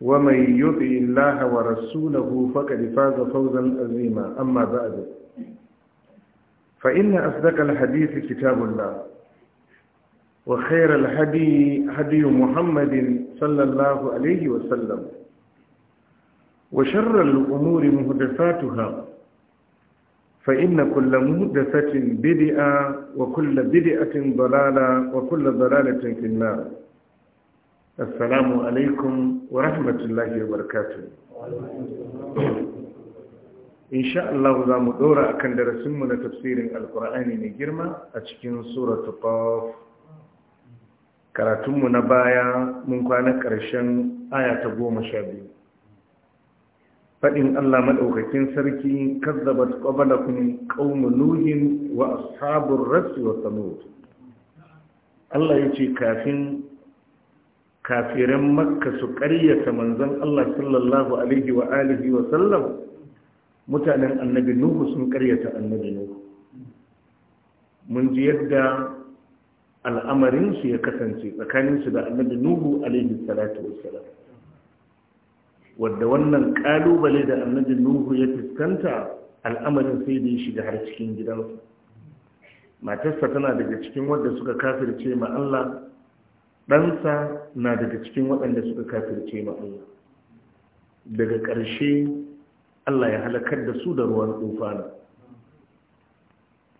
ومن يطع الله ورسوله فقد فاز فوزا عظيما أما بعد فإن أصدق الحديث كتاب الله وخير الهدي هدي محمد صلى الله عليه وسلم وشر الأمور محدثاتها فإن كل محدثه بدعه وكل بدئة ضلالة وكل ضلالة في النار assalamu alaikum wa rahmatullahi wa barakatuh insha Allah za mu dora akan darasinmu na tafsirin alkur'ani mai girma a cikin suratu qaf karatunmu na baya mun kwana ƙarshen aya ta goma sha biyu faɗin Allah maɗaukakin sarki kazzabat qablakun qaumun nuhin wa ashabur rasi wa samud Allah yace kafin kafiran makka su ƙaryata manzon Allah sallallahu alaihi wa alihi wa sallam mutanen annabi nuhu sun ƙaryata annabi nuhu mun ji yadda al'amarinsu ya kasance tsakaninsu da annabi nuhu alaihi salatu salam. wadda wannan ƙalubale da annabi nuhu ya fuskanta al'amarin sai da ya shiga har cikin gidansu. matarsa tana daga cikin wadda suka kafirce ma Allah ɗansa na daga cikin waɗanda suka kafirce ma daga ƙarshe Allah ya halakar da su da ruwan tsofana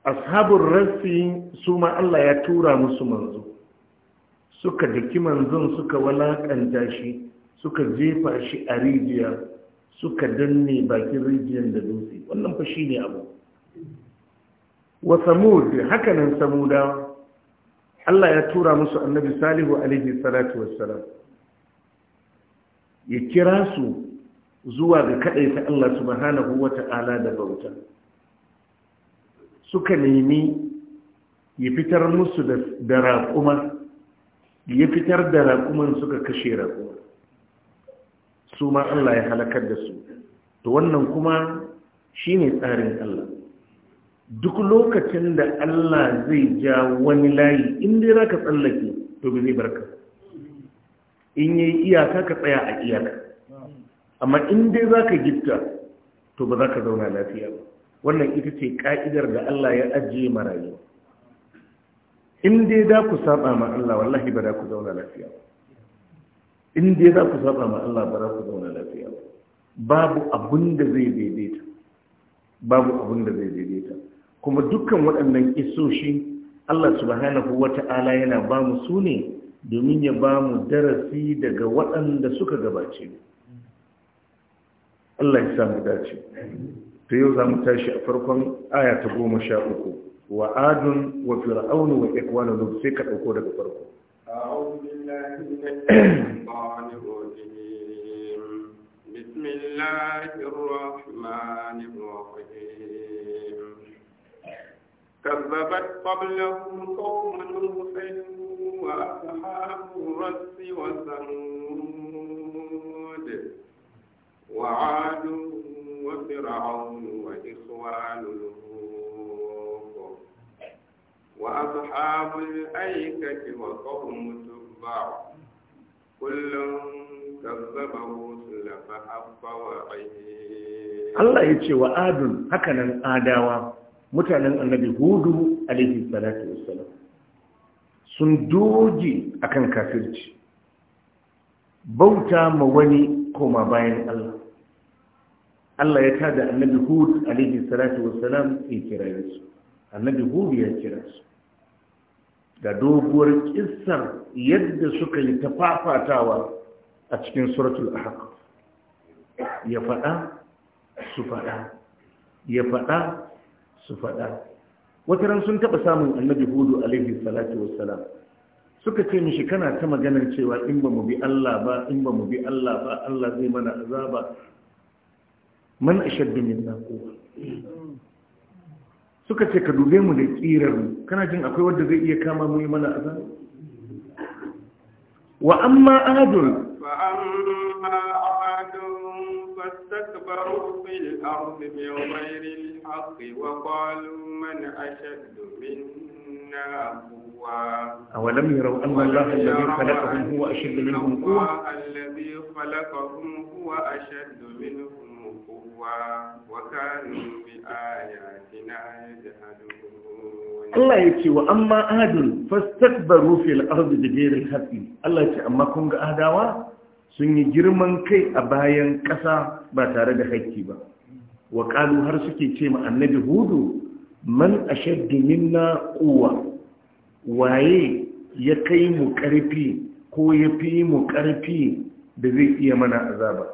ashabun rassi su ma Allah ya tura musu manzo suka daki manzon suka walakanta shi suka jefa shi a rijiya suka danne bakin rijiyar da dutse wannan fa ne abu wa samud hakanan samudawa Allah ya tura musu annabi salihu alaihi salatu wassalam ya kira su zuwa ga kaɗaita Allah subhanahu wa ta'ala da bauta suka nemi ya fitar musu da raƙuma ya fitar da raƙuman suka kashe raƙuma su ma Allah ya halakar da su to wannan kuma shine tsarin Allah duk lokacin da Allah zai ja wani layi in dai za ka tsallake to bai zai barka in yi iyaka ka tsaya a iyaka amma in dai za ka gifta to ba za ka zauna lafiya ba wannan ita ce ka'idar da Allah ya ajiye marayu in dai za ku saba ma Allah wallahi ba za ku zauna lafiya ba in dai za ku saba ma Allah ba za ku zauna lafiya ba babu abin da zai daidaita babu abin da zai daidaita kuma dukkan waɗannan isoshi Allah subhanahu wata'ala yana ba mu su ne domin ya ba mu darasi daga waɗanda suka gabace Allah ya samu dace to yau za mu tashi a farkon aya ta goma sha uku wa adun wa fir'aunu wa ikwanu duk sai ka dauko daga farko a'udhu billahi كذبت قبلهم قوم نوح وأصحاب الرس وثمود وعاد وفرعون وإخوان لوط وأصحاب الأيكة وقوم تبع كل كذب الرسل فحق وعيد الله يجي وعاد هكذا آداوا mutanen annabi hudu alaihi salatu wassalam sun doji akan kafirci bauta ma wani koma bayan Allah Allah ya tada annabi hud alaihi salatu wassalam ya kira su annabi hud ya kira su Da doguwar kissar yadda suka yi tafafatawa a cikin suratul ahqaf ya faɗa su faɗa ya faɗa su faɗa wata ran sun taɓa samun annabi hudu alaihi salatu wassalam suka ce mishi kana ta maganar cewa in ba mu bi Allah ba in ba mu bi Allah ba Allah zai mana azaba man ashaddu minna quwwa suka ce ka dube mu da tsirar mu kana jin akwai wanda zai iya kama mu yi mana azaba wa amma adul fa amma adul fastakbaru في الأرض بغير الحق وقالوا من أشد منا قوة أولم يروا أن الله الذي خلقهم هو أشد منهم قوة الذي خلقهم هو أشد منهم قوة وكانوا بآياتنا يجحدون Allah ya ce wa amma adun fastakbaru fil ardi bighayri al-haqqi Allah ya ce amma kun ga adawa sun yi girman kai a bayan ƙasa ba tare da haƙƙi ba wa ƙalu har suke ce ma annabi hudu man ashaddu minna quwwa waye ya kai mu ƙarfi ko ya fi mu ƙarfi da zai iya mana azaba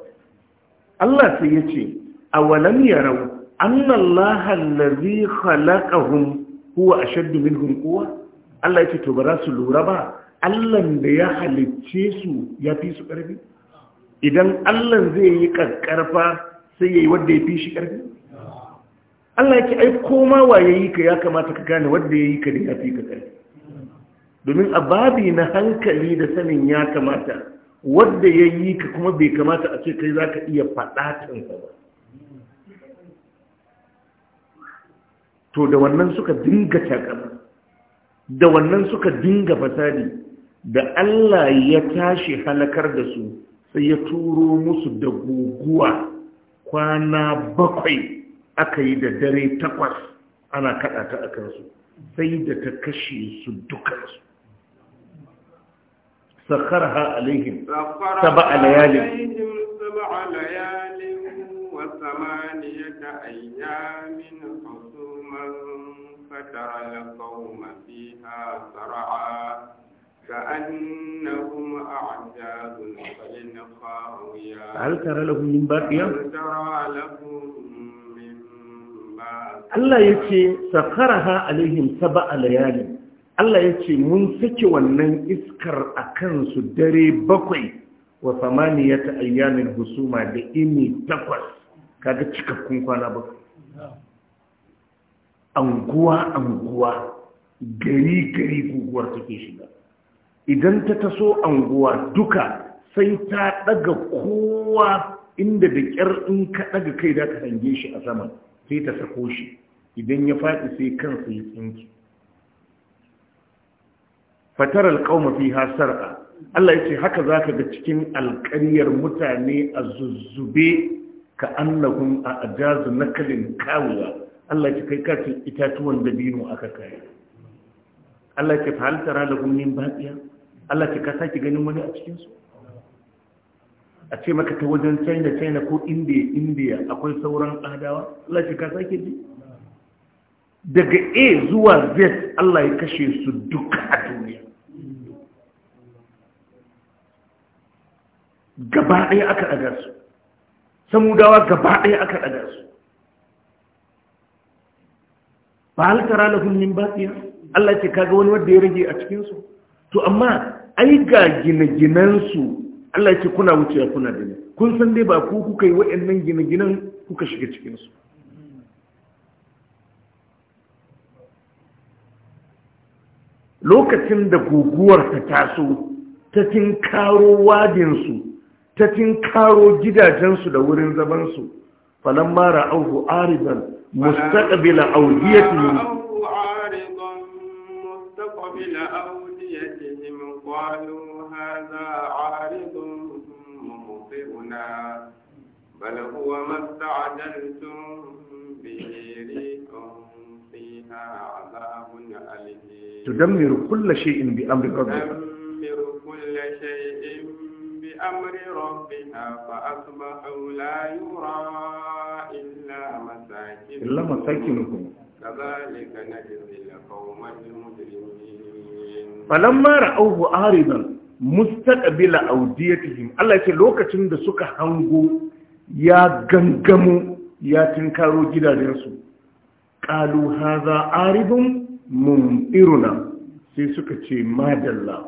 Allah sai ya ce awalam yarau halaƙa allazi khalaqahum huwa ashaddu minhum quwwa Allah ya ce to ba za su lura ba Allah da ya halicce su ya fi su ƙarfi idan Allah zai yi karkarfa sai yi wanda ya fi shi karfi Allah yake ai koma ya yi ka ya kamata ka gane wanda yi ka da ya fi ka karfi domin a babi na hankali da sanin ya kamata wanda yi ka kuma bai kamata a ce kai za ka iya faɗa kansa ba to da wannan suka dinga takama da wannan suka dinga fasadi da Allah ya tashi halakar da su sai ya turo musu da guguwa kwana bakwai aka yi da dare takwas ana kaɗa ta a kansu sai da ta kashe su dukansu sakar ha alaihim saba a layalin وثمانية كأنهم أعجاز نخل خاوية هل ترى لهم من باقية؟ هل ترى لهم من باقية الله يكي سخرها عليهم سبع ليالي Allah ya ce mun saki wannan iskar a kansu dare bakwai wa samaniya ta ayyamin husuma da ini takwas kaga cikakkun kwana bakwai. Anguwa anguwa gari gari guguwar take shiga. idan ta taso anguwa duka sai ta daga kowa inda da kyar in ka daga kai da ka hange shi a sama sai ta sako shi idan ya faɗi sai kansa ya tsinki fatar alƙauma fi hasar'a Allah ya ce haka za ka ga cikin alƙaryar mutane a zuzzube ka annahun a ajazu nakalin kawuwa Allah ya ce kai kacin itatuwan dabino aka kai Allah ya ce fa halittar halakun min baɗiya Allah ce ka saki ganin wani a cikinsu a ce maka ta wajen china china ko india india akwai sauran adawa Allah ce ka saki ji daga a zuwa z Allah ya kashe su duka a duniya gaba ɗaya aka ɗaga su samudawa gaba ɗaya aka ɗaga su ba halittara lafin min batsiya Allah ce kaga wani wadda ya rage a cikinsu to amma ai ga gine-ginensu Allah ce kuna wucewa kuna ne kun san dai ba ku kuka yi waɗannan gine-ginen kuka shiga cikinsu lokacin da guguwar ta taso ta tinkaro wadinsu ta tinkaro gidajensu da wurin zabansu falon mara auhu ariban mustaƙabila audiyatun قالوا هذا عارض ممطرنا بل هو ما استعجلتم به ريح فيها عذاب أليم تدمر كل شيء بأمر ربها تدمر كل شيء بأمر ربها فأصبحوا لا يرى إلا مساكنهم إلا مساكنهم كذلك نجزي القوم المجرمين falamma ra'awhu aridan mustaqbila awdiyatihim Allah ce lokacin da suka hango ya gangamo ya tinkaro gidajensu qalu hadha aridun mumtiruna sai suka ce madalla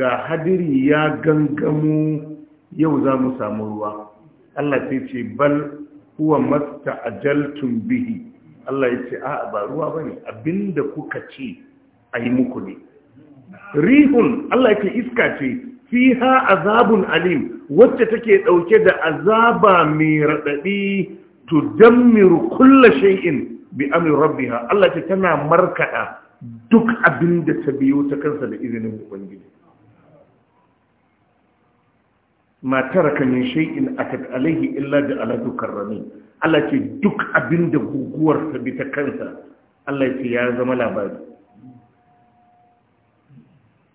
ga hadiri ya gangamo yau za mu samu ruwa Allah sai ce bal huwa masta'ajaltum bihi Allah ya ce a'a ba ruwa bane abinda kuka ce ayi muku ne rihun Allah yake iska ce fiha azabun alim wacce take dauke da azaba mai radadi tudammiru kullu shay'in bi amri rabbiha Allah ce tana markada duk abinda ta biyo ta kansa da izinin ubangiji ma taraka min shay'in akat alayhi illa da aladu karrami Allah ce duk abinda guguwar ta bi ta kansa Allah ce ya zama labari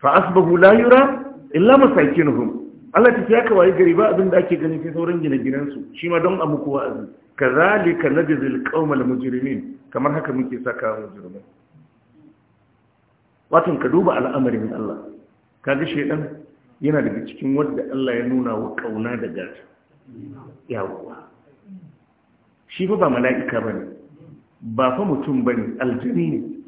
fa asbahu la yura illa masakinuhum Allah ta ya kawai gari ba abin da ake gani sai sauran gine su shi ma don amu kowa azin ka zalika na jizil kamar haka muke saka mujirimin watan ka duba al'amarin Allah ka ga yana daga cikin wanda Allah ya nuna wa kauna da gata yawa shi ba mala'ika ba ne ba fa mutum bane ne aljini ne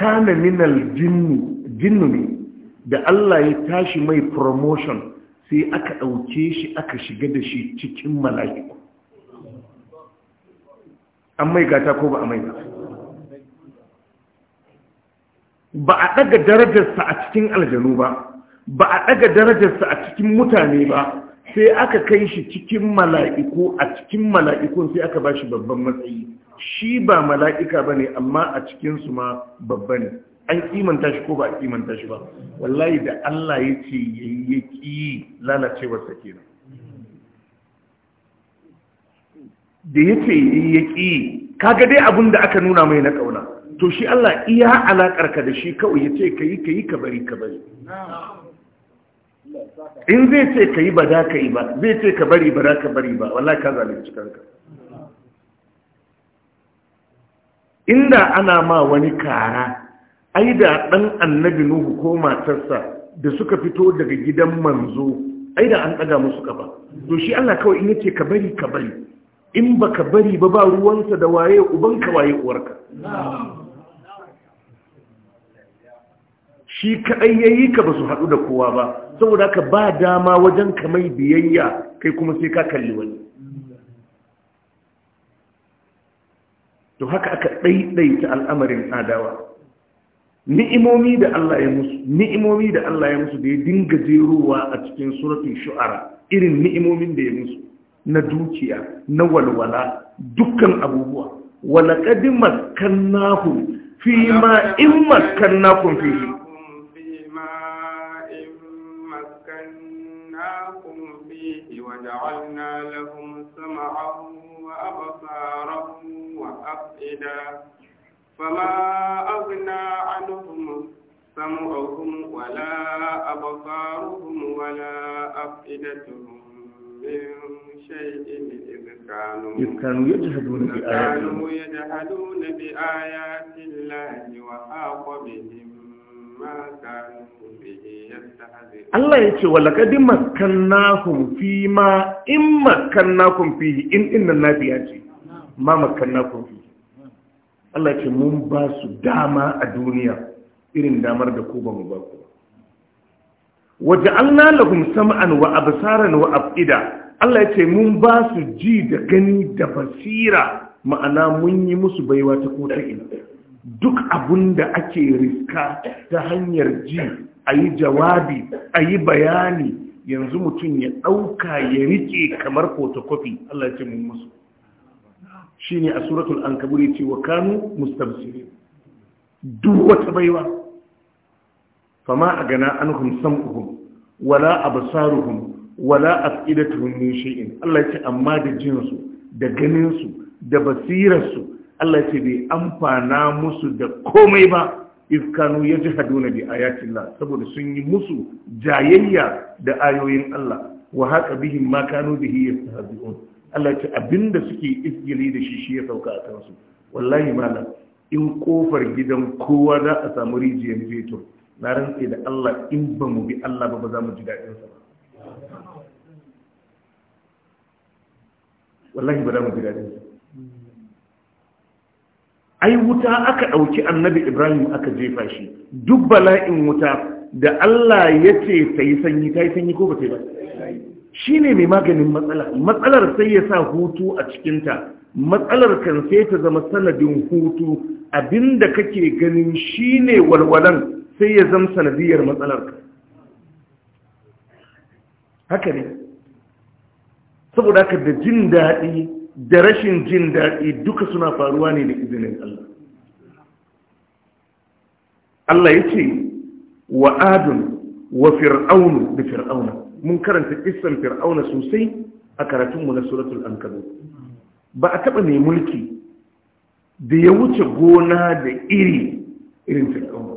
kana minal jinnu ne da Allah ya tashi mai promotion sai aka ɗauke shi aka shiga da shi cikin mala'iku an mai gata ko ba a mai ba a ɗaga darajarsa a cikin aljanu ba ba a ɗaga darajarsa a cikin mutane ba sai aka kai shi cikin mala'iku a cikin mala'ikun sai aka ba shi babban matsayi shi ba mala'ika ba ne amma a cikinsu ma babba ne an kimanta shi ko ba a kimanta shi ba wallahi da Allah ya ce ya ƙi lalacewarsa kenan da ya ce ya ƙi kaga dai abin da aka nuna mai na ƙauna to shi Allah iya alaƙarka da shi kawai ya ce ka yi ka yi ka bari ka bari in zai ce ka yi ba za ka yi ba zai ce ka bari ba za ka bari ba wallahi ka zalunci kanka inda ana ma wani kara ai da ɗan annabi nuhu ko matarsa da suka fito daga gidan manzo ai da an ɗaga musu ƙafa to shi allah kawai in yace ka bari ka bari in ba ka bari ba ba ruwansa da waye ubanka waye uwarka shi kaɗai ya ka ba su haɗu da kowa ba saboda ka ba dama wajen ka mai biyayya kai kuma sai ka kalli wani to haka aka ɗaiɗaita al'amarin adawa ni'imomi da Allah ya musu ni'imomi da Allah ya musu da ya dinga jerowa a cikin suratul shu'ara irin ni'imomin da ya musu na dukiya na walwala dukkan abubuwa walaqad makkannahu fi ma in makkannakum fihi وجعلنا وأبصارهم وأفئدا فما أغنى عنهم سمعهم ولا أبصارهم ولا أفئدتهم من شيء إذ كانوا يجحدون كانوا يجحدون بآيات الله وحاق بهم ما كانوا Allah ya ce walakadi makannahum fi ma in makannahum fi in na nafiya ce ma makannahum fi Allah ce mun ba su dama a duniya irin damar da ku ba mu ba ku waje Allah lahum sam'an wa absaran wa afida Allah ya ce mun ba su ji da gani da basira ma'ana mun yi musu baiwa ta ko ina duk abun da ake riska ta hanyar ji a yi jawabi a yi bayani yanzu mutum ya ɗauka ya rike kamar fotokofi Allah ya ce mun musu shi ne a suratul an kaburi ce wa kanu mustamsiri duk wata baiwa fama a gana an humsan uhun wala a basaruhun wala a tsidatuhun min shi'in Allah ce amma da jinsu da ganinsu da basirarsu Allah ce bai amfana musu da komai ba ifkanu ya ji haduna bi ayatillah saboda sun yi musu jayayya da ayoyin Allah wa haka bihin ma kanu haɗu yastahzi'un Allah ce abinda suke isgili da shi shi ya sauka a kansu wallahi malam in kofar gidan kowa za a samu rijiyar fetur na rantse da Allah in ba mu bi Allah ba ba za mu ji daɗin sa ba wallahi ba za mu ji daɗin sa ai wuta aka ɗauki annabi ibrahim aka jefa shi duk bala'in wuta da allah ya ce ta yi sanyi ta yi sanyi ko ba ta yi ba shi ne mai maganin matsala matsalar sai ya sa hutu a cikinta matsalar kan sai ta zama sanadin hutu abinda kake ganin shi ne walwalan sai ya zama sanadiyar matsalar haka ne saboda haka da jin daɗi da rashin jin daɗi duka suna faruwa ne da izinin Allah Allah ya ce wa adun wa fir'aunu da fir'auna mun karanta isan fir'auna sosai a karatunmu na suratul ankabu ba a taɓa mai mulki da ya wuce gona da iri irin fir'auna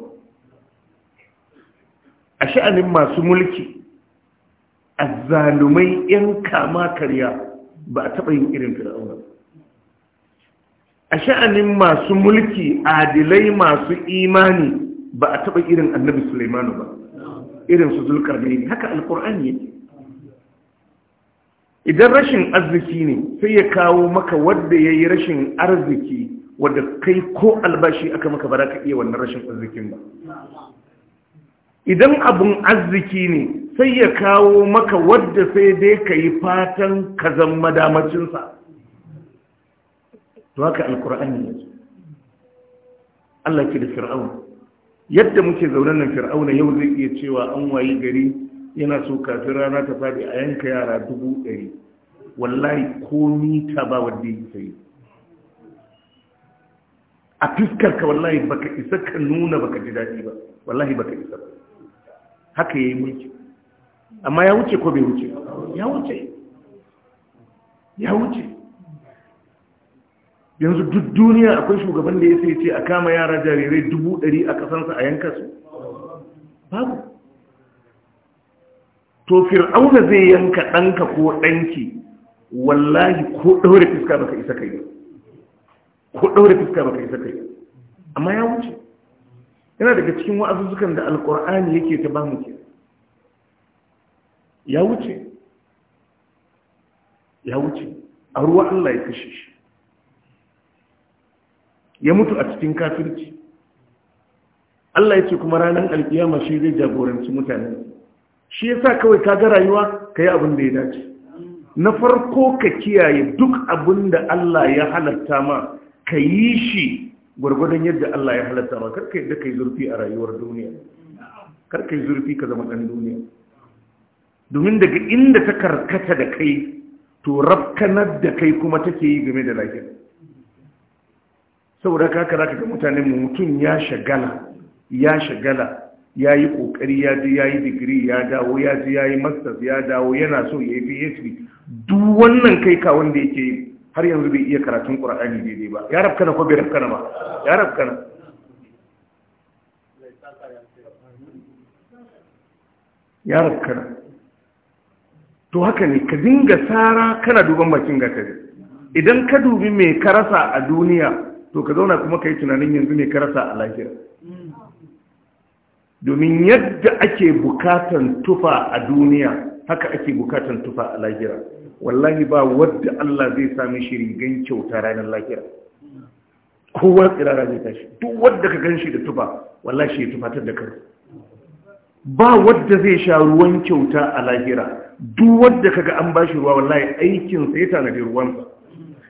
a sha'anin masu mulki a zalumai 'yan kama karya ba a taɓa yin irin fir'auna a sha'anin masu mulki adilai masu imani ba a taɓa irin annabi sulaimanu ba irin su ne haka alkur'ani ne. idan rashin arziki ne sai ya kawo maka wadda ya yi rashin arziki wadda kai ko albashi aka maka ba za ka iya wannan rashin arzikin ba idan abun arziki ne sai ya kawo maka wadda sai dai ka yi fatan ka zan madamacinsa to haka alkur'ani ne Allah ke da fir'auna yadda muke zaune nan fir'auna yau zai iya cewa an wayi gari yana so kafin rana ta faɗi a yanka yara dubu ɗari wallahi ko mita ba wadda yi sai a fiskarka wallahi baka isa ka nuna baka ji daɗi ba wallahi baka isa ba haka ya yi mulki amma ya wuce ko bai wuce ya wuce ya wuce yanzu duk duniya akwai shugaban da ya sai ce a kama yara jarirai dubu ɗari a kasansa a yanka su babu to fir'auna zai yanka ɗanka ko ɗanki wallahi ko ɗaure fuska baka isa kai ko ɗaure fuska baka isa kai amma ya wuce yana daga cikin wa'azuzzukan da alkur'ani yake ta ba mu ke ya wuce ya wuce a ruwa Allah ya kashe shi ya mutu a cikin kafirci Allah ya ce kuma ranar alkiyama shi zai jagoranci mutane shi ya sa kawai ka ga rayuwa ka yi abin da ya dace na farko ka kiyaye duk abin da Allah ya halarta ma ka yi shi gwargwadon yadda Allah ya halatta ba karka yadda kai zurfi a rayuwar duniya karka yi zurfi ka zama ɗan duniya domin daga inda ta karkata da kai to rafkanar da kai kuma take yi game da lafiya saboda kaka za ka ga mutane mutum ya shagala ya shagala ya yi ƙoƙari ya ji ya yi digiri ya dawo ya ji ya yi masters ya dawo yana so ya yi phd duk wannan kai ka wanda yake yi har yanzu bai iya karatun ƙura'ani daidai ba ya na ko bai na ba ya na ya na to haka ne ka dinga tsara kana duban bakin ne. idan ka dubi mai karasa a duniya to ka zauna kuma ka yi tunanin yanzu mai karasa a lahira domin yadda ake bukatan tufa a duniya haka ake bukatan tufa a lahira wallahi ba wadda Allah zai sami shiri gan kyauta ranar lahira kowa tsirara zai tashi duk wadda ka gan shi da tufa wallahi shi ya tun da kansa ba wadda zai sha ruwan kyauta a lahira duk wadda ka ga an bashi ruwa wallahi aikin sa ya tanadi ruwansa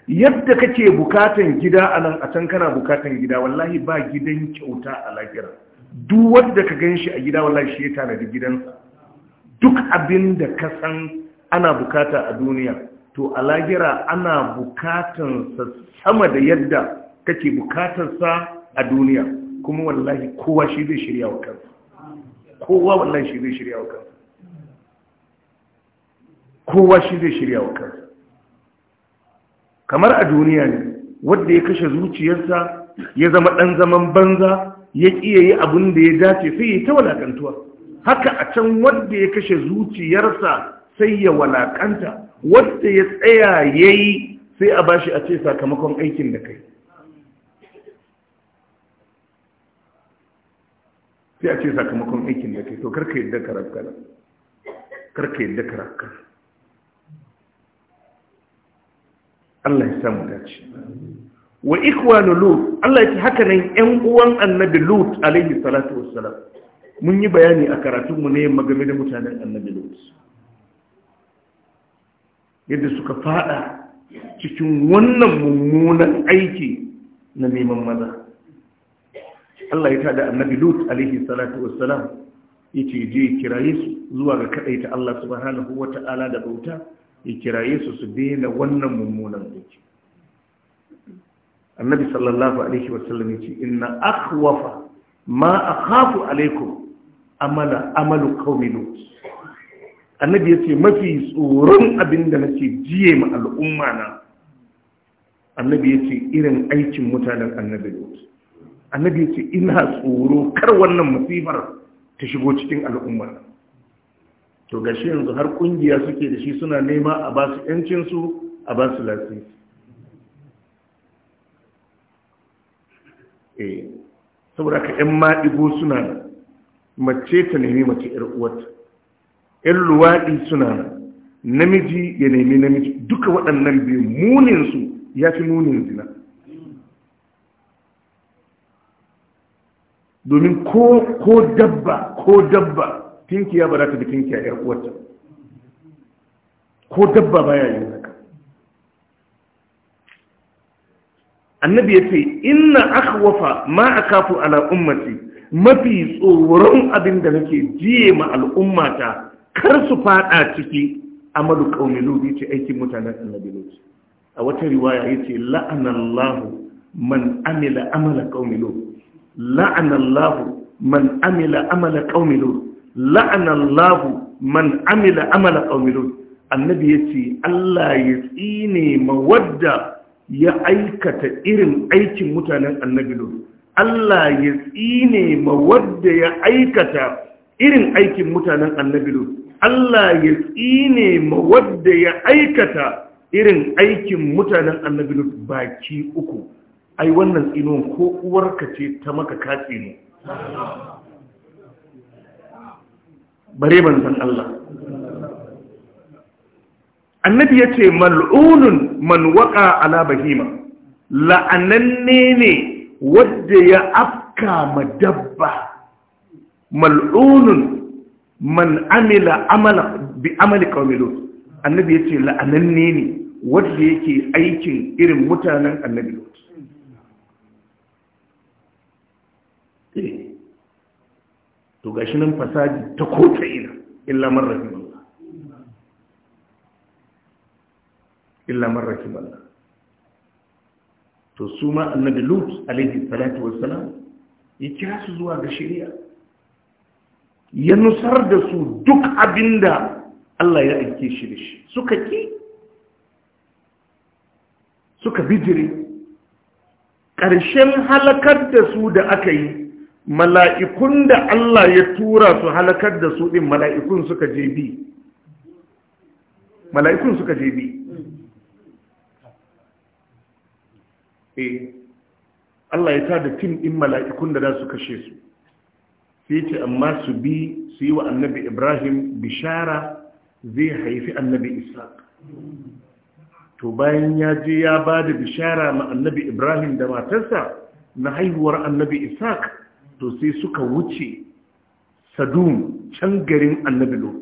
yadda kake bukatan gida a nan a can kana bukatan gida wallahi ba gidan kyauta a lahira duk wadda ka gan shi a gida wallahi shi ya tanadi gidansa duk abin da ka san ana bukata a duniya to a lahira ana bukatansa sama da yadda kake bukatarsa a duniya kuma wallahi kowa shi zai shirya wa kansa kowa wallahi shi zai shirya wa kansa kowa shi zai shirya wa kansa kamar a duniya ne wanda ya kashe zuciyarsa ya zama ɗan zaman banza ya kiyaye yi abin da ya dace sai ya ta walakantuwa haka a can wanda ya kashe zuciyarsa sai ya walakanta wanda ya tsaya yayi sai a bashi a ce sakamakon aikin da kai sai a ce sakamakon aikin da kai to karka yadda karafkana karka yadda karafkana Allah ya samu dace wa ikwanu lut Allah ya ce haka nan ƴan uwan annabi lut alaihi salatu wassalam mun yi bayani a karatunmu ne magame da mutanen annabi lut yadda suka fada cikin wannan mummunan aiki na neman maza Allah ya tada annabi Lut alaihi salatu wassalam yace je kiraye su zuwa ga kadaita Allah subhanahu wata'ala da bauta ya kiraye su su daina wannan mummunan aiki annabi sallallahu alaihi wasallam yace inna akhwafa ma akhafu alaikum amala amalu qaumi lut annabi ya ce mafi tsoron abin da nake jiye ma al'umma na annabi ya ce irin aikin mutanen annabi annabi ya ce ina tsoro kar wannan masifar ta shigo cikin al'umma na to gashi yanzu har kungiya suke da shi suna nema a ba su yancinsu a ba su lasisi eh saboda ka 'yan maɗigo suna mace ta nemi mace 'yar uwarta 'yan luwaɗi suna namiji ya nemi namiji duka waɗannan biyu muninsu ya fi munin zina domin ko dabba ko dabba tinkiya ba za ta bi tinkiya 'yar uwarta ko dabba baya yin haka annabi ya ce aka wafa ma a kafu ala'ummaci mafi tsoron abin da nake jiye ma al'ummata kar su fada ciki amalu qaumi lubi ce aikin mutanen annabi lut a wata riwaya yace la'anallahu man amila amala qaumi la'anallahu man amila amala qaumi la'anallahu man amila amala qaumi Annabi annabi yace Allah ya tsine mawadda ya aikata irin aikin mutanen annabi lut Allah ya tsine ma wadda ya aikata irin aikin mutanen annabi lut Allah ya tsine ma wadda ya aikata irin aikin mutanen annabi baki uku ai wannan tsinon ko uwarka ce ta maka katsi ne bare banzan Allah annabi ya ce mal'unun man waka ala bahima la'ananne ne wadda ya afka ma dabba mal'unun man amila amala bi amali qaumilu annabi yace la'ananne ne wanda yake aikin irin mutanen annabi lut eh. to gashi nan fasadi ta kota ina illa man Allah illa man Allah. to su ma annabi lut alaihi salatu wassalam ya kira su zuwa ga shari'a ya nusar da su duk abinda Allah ya aike shi da shi suka ki suka bijire ƙarshen halakar da su da aka yi mala'ikun da Allah ya tura su halakar da su ɗin mala'ikun suka je bi mala'ikun suka je bi eh Allah ya da tim ɗin mala'ikun da za su kashe su sai ce amma su bi su yi wa annabi ibrahim bishara zai haifi annabi ishaq to bayan ya je ya ba da bishara ma annabi ibrahim da matarsa na haihuwar annabi ishaq to sai suka wuce sadum can garin annabi lot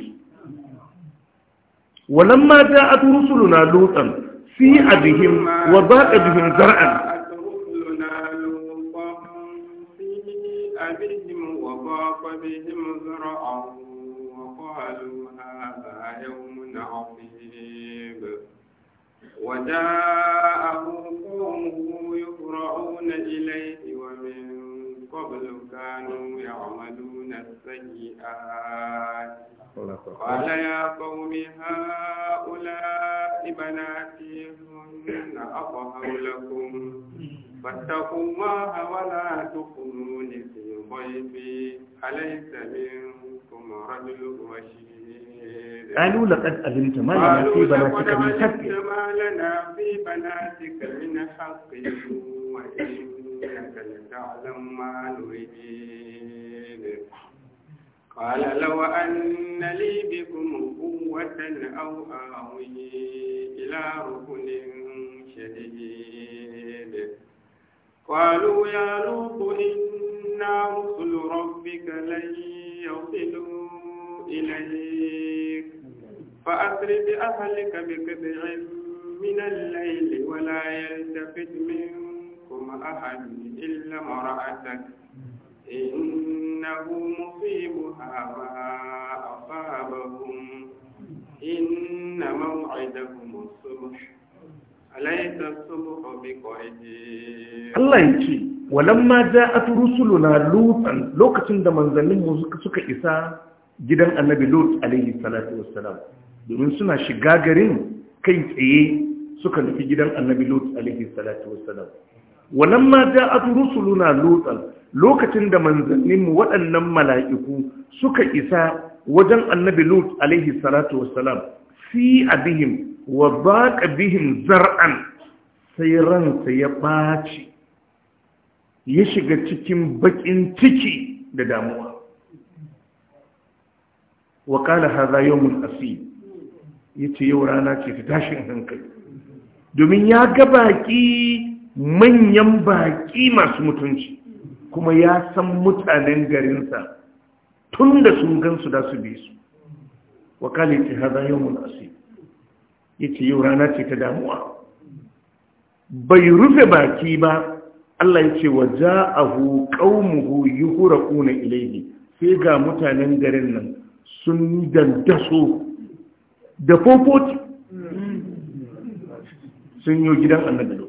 walamma ja'at rusuluna lutan fi abihim wa baqa bihim zar'an وضاق بهم ذرعا وقالوا هذا يوم عصيب وجاءه قومه يفرعون إليه ومن قبل كانوا يعملون السيئات قال يا قوم هؤلاء بناتي هن أطهر لكم فاتقوا الله ولا تخزوني في ضيفي أليس منكم رجل رشيد قالوا لقد علمت ما لنا في بناتك من حق ما لنا في بناتك من حق وإنك لتعلم ما نريد قال لو أن لي بكم قوة أو آوي إلى ركن شديد قالوا يا لوط إنا رسل ربك لن يصلوا إليك فأسر بأهلك بقطع من الليل ولا يلتفت منكم أحد إلا امرأتك إنه مصيبها ما أصابهم إن موعدهم الصبح Allah ya ce, walamma ja a turusulu na lutsan lokacin da manzanninmu suka isa gidan annabi lut alaihi salatu wassalam domin suna shiga garin kai tsaye suka nufi gidan annabi lut alaihi salatu wassalam walamma ja a turusulu na lutsan lokacin da manzanninmu waɗannan mala'iku suka isa wajen annabi lut alaihi salatu wassalam fi abihim wa baqa bihim zar'an sai ransa ya ɓaci ya shiga cikin baƙin ciki da damuwa wa ƙala haza yawon asi ya ce yau rana ce ta tashin hankali domin ya ga baƙi manyan baƙi masu mutunci kuma ya san mutanen garinsa tun da sun gansu da su bi su wa ƙala ya ce haza yawon asi yace yau rana ce ta damuwa bai rufe baki ba Allah yace za'ahu qaumuhu yuhraquna ilayhi sai ga mutanen garin nan sun dandaso da fofoti sun yi gidan annabi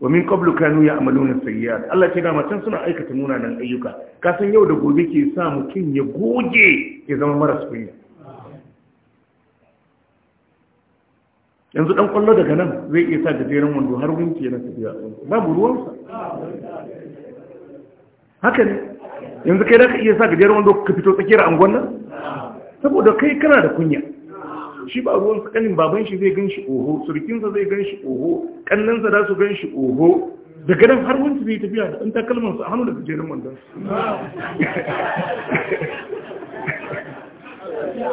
wa min qablu kanu ya'maluna sayyi'at Allah ce da matan suna aikata munanan ayyuka ka san yau da gobe ke sa mutum ya goge ya zama maras kunya yanzu dan kwallo daga nan zai iya sa gajeren wando har gunki na tafiya babu ruwansa haka ne yanzu kai da ka iya sa gajeren wando ka fito tsakiyar angon nan saboda kai kana da kunya shi ba ruwan kanin baban shi zai ganshi oho surkinsa zai ganshi oho kannansa za su ganshi oho daga nan har gunki zai tafiya da ɗan takalmansa a hannu da gajeren wando.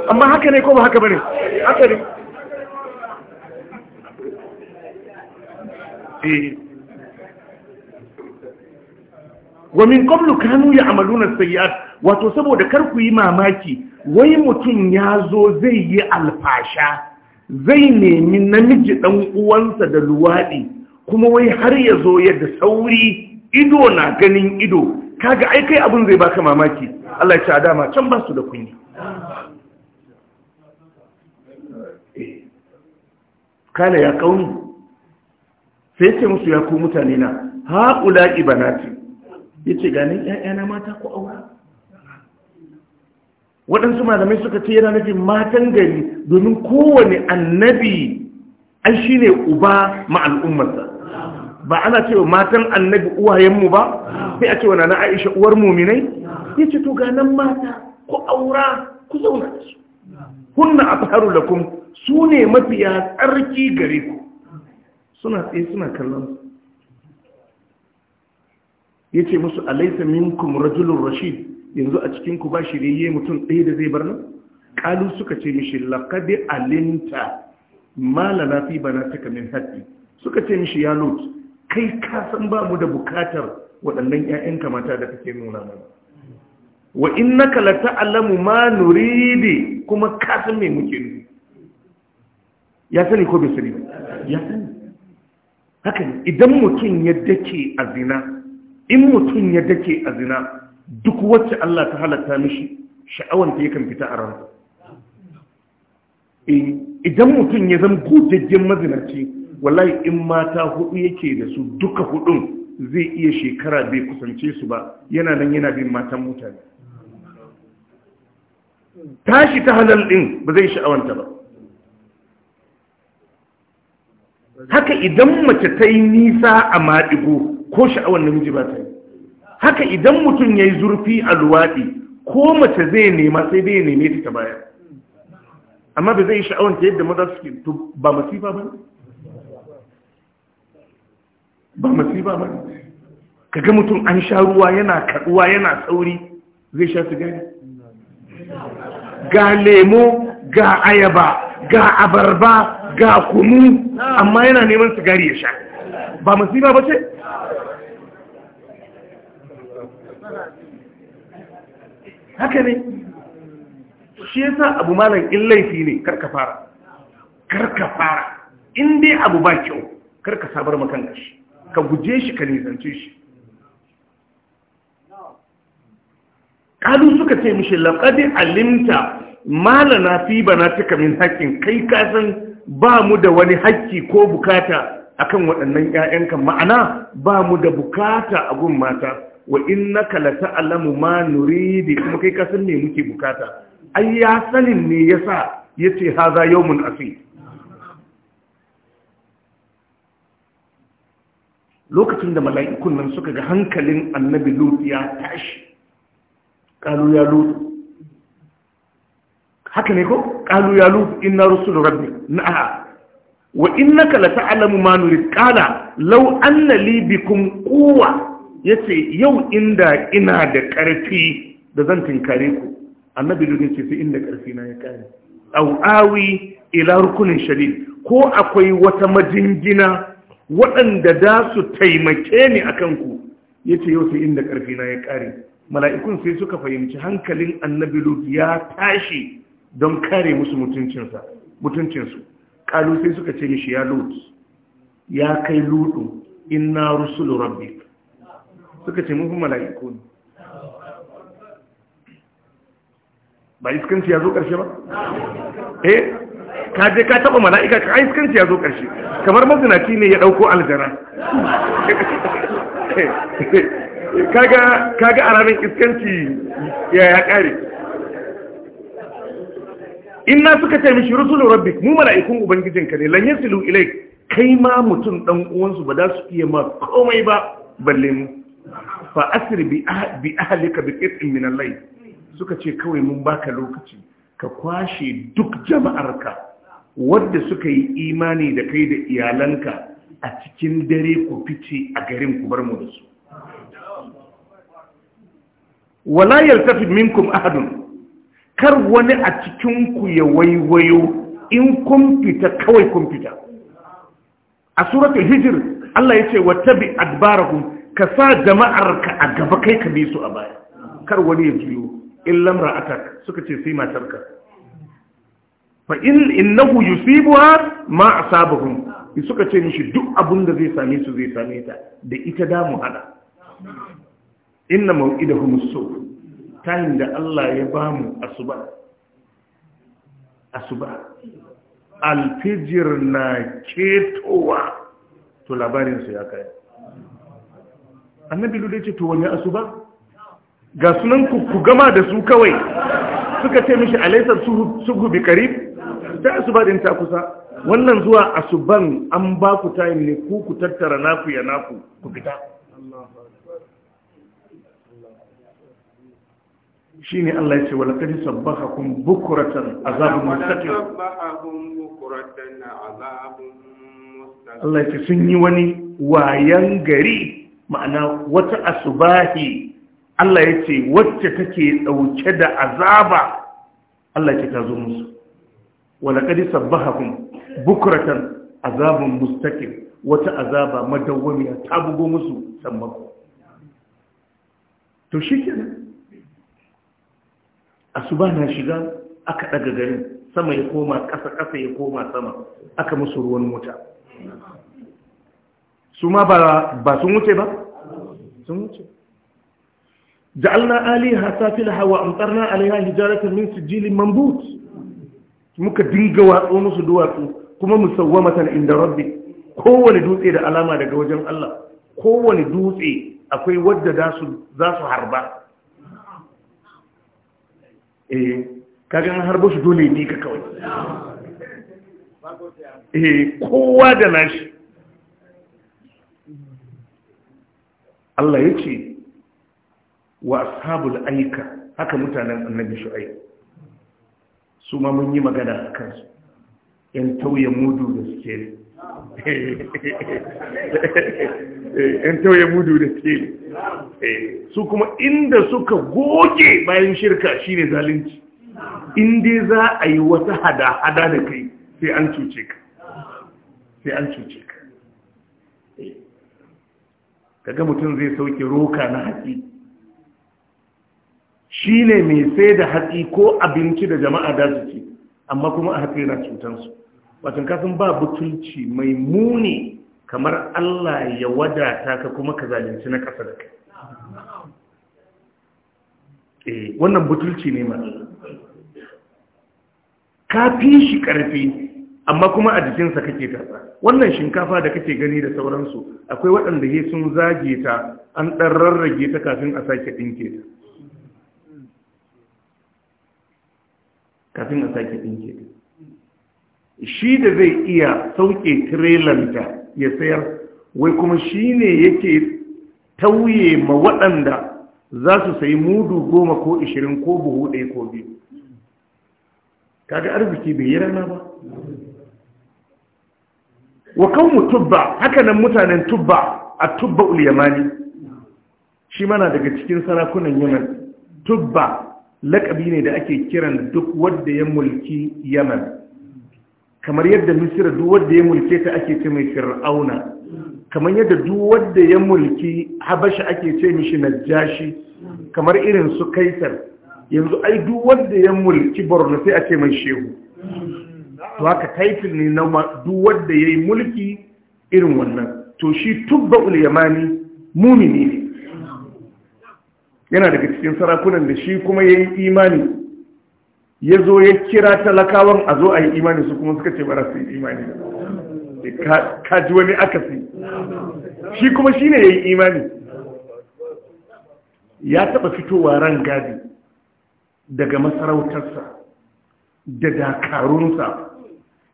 amma haka ne ko ba haka bane haka ne Eh. wa min qablu kanu ya'maluna sayyi'at wato saboda kar ku yi mamaki wai mutum ya zo zai yi alfasha zai nemi namiji dan uwansa da luwadi kuma wai har ya zo ya da sauri ido na ganin ido kaga ai kai abin zai baka mamaki Allah ya ci adama can ba su da kunya eh. kana ya kauni sai ce musu ya ku mutane na haƙula ibanati ya ce ganin ‘ya'yana mata ku aura waɗansu malamai suka ce yana nufin matan gari domin kowane annabi an shi ne uba ma al'ummarsa ba ana cewa matan annabi uwayenmu ba sai a cewa na na aisha uwar muminai ya ce to ganin mata ku aura ku zauna da su hunna a faru kuma su ne mafiya tsarki gare ku suna tsaye suna kallon ya ce musu alaisa minkum rajulun rashid yanzu a cikinku ba shi yi mutum ɗaya da zai bar nan Ƙalu suka ce mishi laƙadi alinta malana fi bana taka min haɗi suka ce mishi ya lot kai kasan ba mu da bukatar waɗannan 'ya'yanka mata da kake nuna mana wa kalata la ta'lamu ma nuridi kuma kasan me muke nufi ya sani ko bai sani ya sani haka idan mutum ya dake a zina in mutum ya dake a zina duk wacce Allah ta halatta mishi sha'awanta yakan fita a ransa eh, idan mutum ya zama gojajjen mazinaci wallahi in mata hudu yake da su duka hudun zai iya shekara bai kusance su ba yana nan yana bin matan mutane tashi ta halal din ba zai sha'awanta ba haka idan mace ta yi nisa a maɗigo ko sha'awar namiji ba ta yi haka idan mutum ya yi zurfi a luwaɗi ko mace zai nema sai zai neme ta baya amma ba zai yi sha'awar ta yadda maza suke to ba masifa ba ba masifa ba ka ga mutum an sha ruwa yana kaɗuwa yana tsauri zai sha sigari ga lemo ga ayaba ga abarba ga kunu amma yana neman sigari ya sha ba musiba ba ce haka ne shi yasa abu malam in laifi ne karka fara karka fara in abu ba kyau karka sabar makan shi ka guje shi ka nisance shi kalu suka ce mishi laƙadi alimta malana fi bana cika min haƙƙin kai ka san ba mu da wani haƙƙi ko bukata akan waɗannan 'ya'yanka ma'ana ba mu da bukata a gun mata wa innaka la ta'lamu ma nuridi kuma kai ka san muke bukata ai ya sanin ne yasa yace haza yawmun asir lokacin da mala'ikun nan suka ga hankalin annabi lut ya tashi ya lutu haka ne ko qalu ya lu inna rusulu rabbi na'a wa innaka la ta'lamu ma nurid qala law anna li bikum quwwa yace yau inda ina da karfi da zan tinkare ku annabi dudin ce sai inda karfi na ya kare au awi ila rukunin shadid ko akwai wata majingina waɗanda da su taimake ni akan ku yace yau sai inda karfi na ya kare mala'ikun sai suka fahimci hankalin annabi lut ya tashi don kare musu mutuncinsu kalu sai suka ce mishi ya lut ya kai ludu inna rusulu rabbik suka ce mun mala'iku ne ba iskanci ya zo ƙarshe ba eh ka je ka taba mala'ika ka iskanci ya zo ƙarshe kamar mazinaci ne ya ɗauko aljara eh, eh, kaga a ranar iskanci ya ya kare inna suka ce mishi rusulu rabbik mu mala'ikun ubangijinka ne lan yasilu ilai kai ma mutum dan uwansu ba za su iya ma komai ba balle mu fa asri bi ah, bi ahlika bi qit'in min al-layl suka ce kawai mun baka lokaci ka kwashe duk jama'arka wanda suka yi imani da kai da iyalanka a cikin dare ku fice a garin ku bar mu da su wala yaltafi minkum ahadun kar wani a cikinku ya waiwayo in kun fita kawai kun fita a suratul hijir Allah ya ce wa tabi adbarahum ka sa jama'arka a gaba kai ka bi su a baya kar wani ya jiyo in lamra atak suka ce sai matarka fa in innahu yusibuha ma asabahum suka ce mishi duk abin da zai same su zai same ta da ita da mu hada inna mau'idahum as time da Allah ya bamu asuba asuba alfijir na ketowa to labarinsu ya kai annabi lullu ce to wani asuba ga sunan ku ku gama da su kawai suka ce mishi alaisar suhu bi karib ta asuba din ta kusa wannan zuwa asuban an ba ku time ne ku ku tattara naku ya naku ku fita shine Allah ya ce wala kad sabbahakum bukratan azabun mustaqim Allah ya ce sun yi wani wayan gari ma'ana wata asubahi Allah ya ce wacce take dauke da azaba Allah ya ce ta zo musu wala kad sabbahakum bukratan azabun mustaqim wata azaba madawwamiya ta bugo musu sammako to shikenan asuba na shiga aka daga garin sama ya koma ƙasa ƙasa ya koma sama aka musu ruwan wuta su ma ba sun wuce ba sun wuce ja'alna aliha safilaha hawa amtarna alaiha hijaratan min sijilin mambut muka dinga watsu, musu duwatsu kuma musawwamatan inda rabbi kowane dutse da alama daga wajen Allah kowane dutse akwai wadda za su harba eh kagan har ba su dole ne ka kawai eh kowa da nashi Allah ya ce wa ashabul aika haka mutanen annabi shu'aib su ma mun yi magana kan su yan tauye mudu da suke yan eh, tauye mudu da ke eh, su kuma inda suka goge bayan shirka shine zalunci inda za a yi wata hada-hada da kai sai an cuce ka sai an cuce ka daga eh, mutum zai sauke roka na haƙi shi ne mai sai da haƙi ko abinci da jama'a da su ce amma kuma a haƙi na cutansu watan kasan ba butulci mai muni kamar Allah ya wadata ka kuma ka zalunci na ƙasa da kai eh wannan butulci ne ma ka fi shi ƙarfi amma kuma a jikinsa kake tatsa wannan shinkafa da kake gani da sauransu akwai waɗanda he sun zage ta an ɗan rarrage ta kafin a sake dinke ta kafin a sake dinke ta shi da zai iya sauke tirelanta ya sayar wai kuma shi ne yake tauye ma waɗanda za su sayi mudu goma ko ishirin ko buhu ɗaya ko biyu kaga arziki bai yi rana ba wa mu tubba hakanan mutanen tubba a tubba ulyamani shi mana daga cikin sarakunan yaman tubba laƙabi ne da ake kiran duk wadda ya mulki yaman kamar yadda misira duk wanda ya mulke ta ake ce mai fir'auna kamar yadda duk wanda ya mulki habasha ake ce mishi najashi kamar irin su kaisar yanzu ai duk wanda ya mulki borno sai ake mai shehu to haka title ne na duk wanda yayi mulki irin wannan to shi tubba ul yamani mumini ne yana daga cikin sarakunan da shi kuma yayi imani ya zo ya kira talakawan a zo a yi imani su kuma suka ce ba su yi imani ka ji wani akasi shi kuma shi ne ya yi imani ya taɓa fitowa ran gadi daga masarautarsa da dakarunsa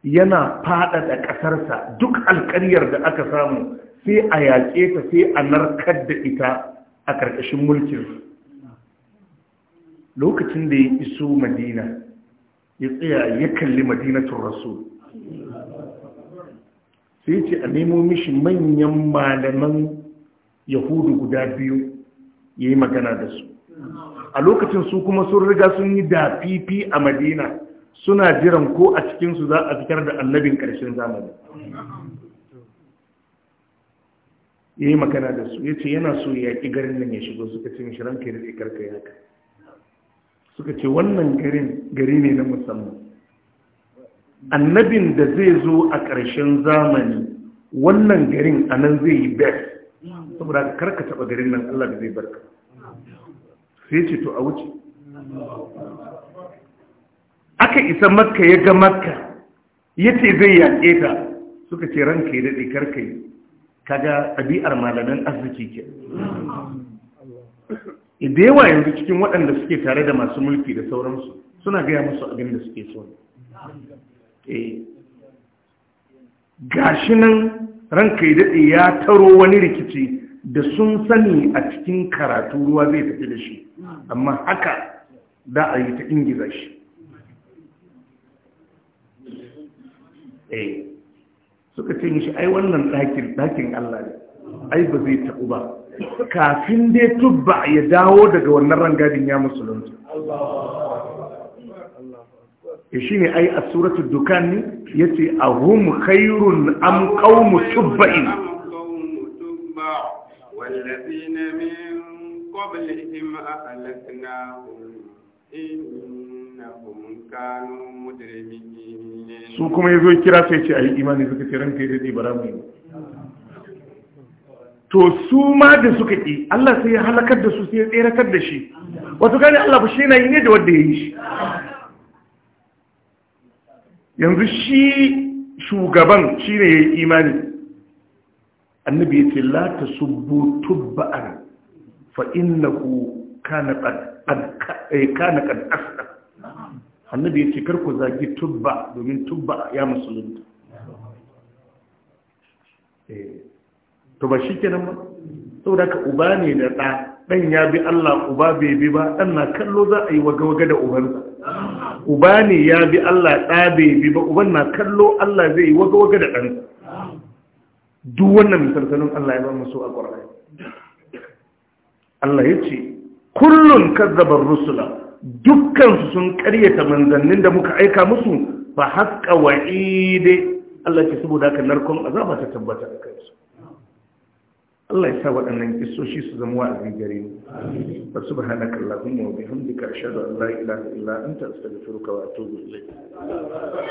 yana da ƙasarsa duk alƙaryar da aka samu sai a yaƙe ta sai a narkar da ita a ƙarƙashin mulkin. lokacin da ya iso madina ya tsaya ya kalli madinatun rasu sai ce a nemo mishi manyan malaman yahudu guda biyu ya yi magana da su a lokacin su kuma sun riga sun yi dafifi a madina suna jiran ko a cikinsu za a fitar da annabin ƙarshen zamani ya yi magana da su ya ce yana so ya ƙi garin nan ya shigo suka cin shirin kai da ƙarƙa ya kai suka ce wannan gari ne na musamman annabin da zai zo a ƙarshen zamani wannan garin a nan zai yi bet saboda karka taɓa garin nan allah da zai barka sai ce to a wuce aka isa makka ya ga makka ya ce zai yaƙe ta suka ce ranka ya daɗe karka yi kaga ɗabi'ar malamin arziki ke Eh, da yawa yanzu cikin waɗanda suke tare da masu mulki da sauransu suna gaya musu abin da suke so eh, gashi nan ranka yi daɗe ya taro wani rikici da sun sani a cikin karatu ruwa zai tafi da shi amma haka da a yi ta ingiza shi eh, suka ce mishi ai wannan ɗakin Allah ne ai ba zai taɓu ba kafin dai tubba ya dawo daga wannan rangadin ya musulunci ya e, shi ne ai a suratun dukan ne ya ce a hum khairun am kawo tubba'in su kuma ya zo kira sai ce a yi imani suka ce ranka ya daɗe ba ramu to su ma da suka ƙi Allah sai ya halakar da su sai ya tseratar da shi wato gani Allah ba shi na yi ne da wanda ya yi shi yanzu shi shugaban shi ne ya yi imani annabi ya ce la ta subbu tubba'an na ku kana kad eh, annabi ya ce kar ku zagi tubba domin tubba ya musulunta eh. to ba shi kenan ba saboda ka uba ne da ɗa ɗan ya bi Allah uba bai bi ba ɗan na kallo za a yi waga-waga da ubansa uba ne ya bi Allah ɗa bai bi ba uban na kallo Allah zai yi waga-waga da ɗansa duk wannan misalsanin Allah ya ba musu a ƙwararrai Allah ya ce kullum kazzabar rusula dukkansu sun karyata manzannin da muka aika musu ba haƙƙa wa'ide Allah ce saboda haka narkon azaba ta tabbata a su Allah ya sa waɗannan kisoshi su zama wa'azi gare mu bahana subhanaka allahumma wa bihamdika ashhadu Allah la ilaha illa anta astaghfiruka wa atubu ilayk